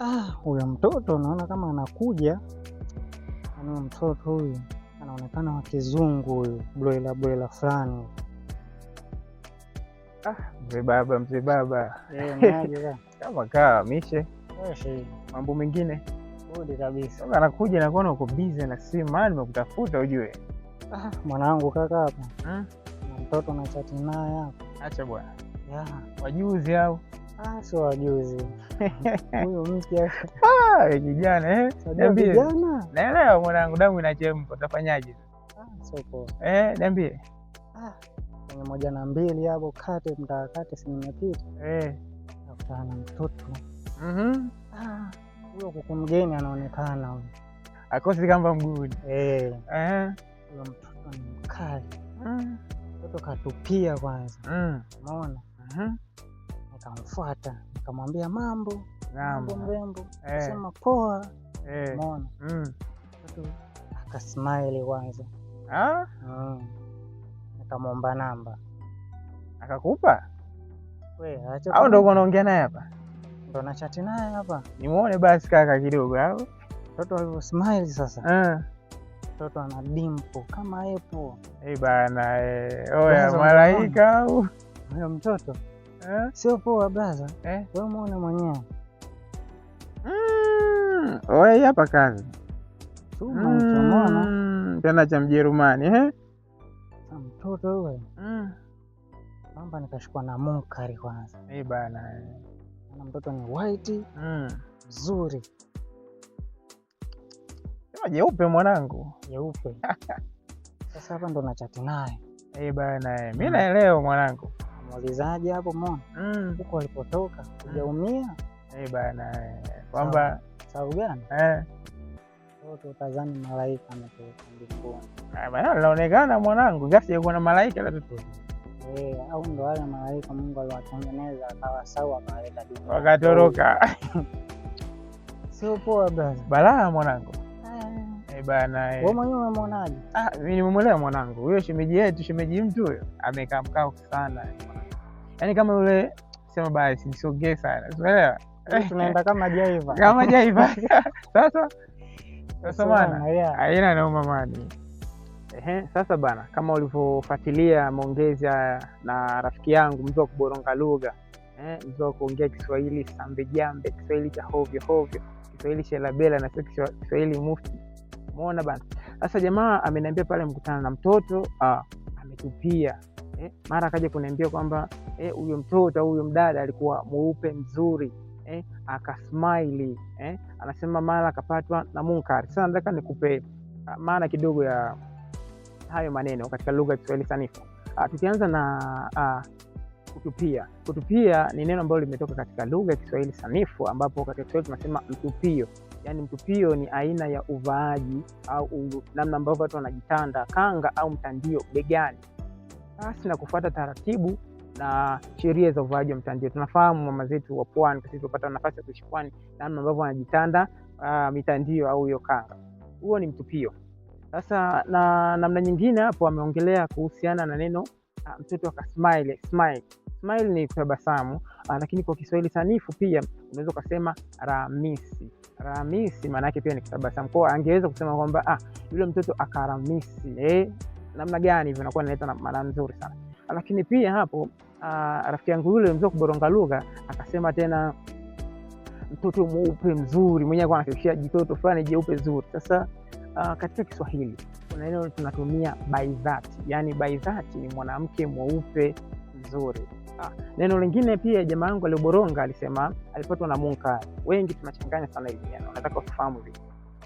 Ah, huyo mtoto naona kama anakuja. Yaani huyo mtoto huyu anaonekana wa kizungu huyu, broila broila fulani. Ah, mzee baba, mzee baba eh, kama kaa mishe mambo mengine budi kabisa. Kama anakuja na kuona uko busy na simu, maana nimekutafuta ujue. Ah, mwanangu kaka hapa hmm? na mtoto na chati naye hapa. Acha bwana, wajuzi hao Ah, sio wajuzi mpya ah, eh. kijana, naelewa mwanangu, damu inachemka, utafanyaje? Ah, eh, niambie kwenye moja na mbili hapo kate mtakakate sinimepita eh. akutana na mtoto mhm. huyo, kuku mgeni anaonekana akosi kamba mguuni eh. huyo mtoto ni mkali, mm. mtoto katupia kwanza, mona mm nikamfuata nikamwambia mambo mambo mrembo, eh. kasema poa. Eh. Umeona mm. akasmaili kwanza, ah? mm. nikamwomba namba akakupa au ndo unaongea naye hapa? Ndo nachati naye hapa, nimuone basi kaka kidogo, au mtoto alivyosmile sasa ah. mtoto ana dimpo kama epo eh, bana, oya malaika au huyo mtoto eh? Sio poa blaza eh? Wewe umeona mwenyewe mm. hapa kazi mm. Tena cha Mjerumani eh? Mtoto wewe mm. Naomba na munkari kwanza eh bana eh. Mtoto ni white mm. mzuri mm. Sema jeupe mwanangu, jeupe sasa hapa ndo nachati naye eh bana mi Mimi naelewa mwanangu muulizaji hapo mona mm. huko mm. alipotoka kujaumia mm. Eh, bana eh, kwamba sababu gani eh. tutazani malaika ametoka mbinguni ah, bana, linaonekana mwanangu, gasi sijakuwa na malaika la tutu eh, au ndo wale malaika Mungu aliwatengeneza akawa sawa akawaleta duniani wakatoroka. Sio poa bwana, balaa mwanangu bana. Eh. Wewe mwenyewe unamwonaje? Ah, mimi nimemwelewa mwanangu. Huyo shemeji yetu, shemeji mtu huyo amekaa mkao sana. Yaani kama yule sema basi nisogee sana. Unaelewa? Tunaenda kama jaiva. Kama jaiva. Sasa sasa bana. Haina nauma mani. Ehe, sasa bana, kama ulivyofuatilia maongezi haya na rafiki yangu mzo wa kuboronga lugha eh, mzo wa kuongea Kiswahili sambe jambe, Kiswahili cha hovyo hovyo, Kiswahili shelabela na sio Kiswahili mufti umeona bana. Sasa jamaa ameniambia pale mkutana na mtoto ah, ametupia eh, mara akaja kuniambia kwamba eh, huyo eh, mtoto au huyo mdada alikuwa mweupe mzuri eh, akasmile eh, anasema mara akapatwa na munkari. Sasa nataka nikupe ah, maana kidogo ya hayo maneno katika lugha ya Kiswahili sanifu. Ah, Tukianza na ah, kutupia. Kutupia ni neno ambalo limetoka katika lugha ya Kiswahili sanifu ambapo katika Kiswahili tunasema mtupio yani mtupio ni aina ya uvaaji au namna ambavyo watu wanajitanda kanga au mtandio begani, basi na kufuata taratibu na sheria za uvaaji wa mtandio. Tunafahamu mama zetu wa pwani, sisi tupata nafasi ya kuishi pwani, namna ambavyo wanajitanda uh, mitandio au hiyo kanga, huo ni mtupio. Sasa na namna nyingine hapo ameongelea kuhusiana na neno uh, mtoto akasmile smile Smile ni tabasamu, ah, lakini kwa Kiswahili sanifu pia unaweza ukasema ramisi. Ramisi maana yake pia ni tabasamu, kwao angeweza kusema kwamba ah, yule mtoto akaramisi. Eh, namna gani hivyo inakuwa inaleta maana nzuri sana, ah, lakini pia hapo ah, rafiki yangu yule mzee kuboronga lugha akasema tena mtoto mweupe mzuri, mwenyewe alikuwa anafikishia jitoto fulani jeupe zuri. Sasa uh, katika Kiswahili kuna neno tunatumia baidhati, yani baidhati ni mwanamke mweupe mzuri. Ah, neno lingine pia jamaa yangu alioboronga alisema alipatwa na munkari. Wengi tunachanganya sana hili neno, nataka ufahamu hivi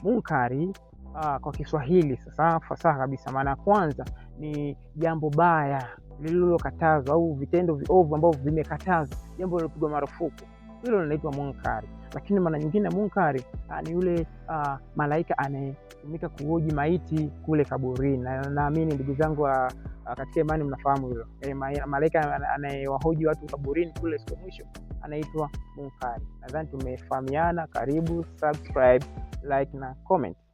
munkari aa, ah, kwa Kiswahili sasa fasaha kabisa, maana ya kwanza ni jambo baya lililokatazwa au vitendo viovu ambavyo vimekatazwa, jambo lilopigwa marufuku, hilo linaitwa munkari. Lakini mara nyingine ya munkari ah, ni yule malaika anayetumika kuhoji maiti kule kaburini, na naamini ndugu zangu Ah, katika imani mnafahamu hilo. E, malaika anayewahoji watu kaburini kule siku mwisho anaitwa Munkari. Nadhani tumefahamiana. Karibu subscribe, like na comment.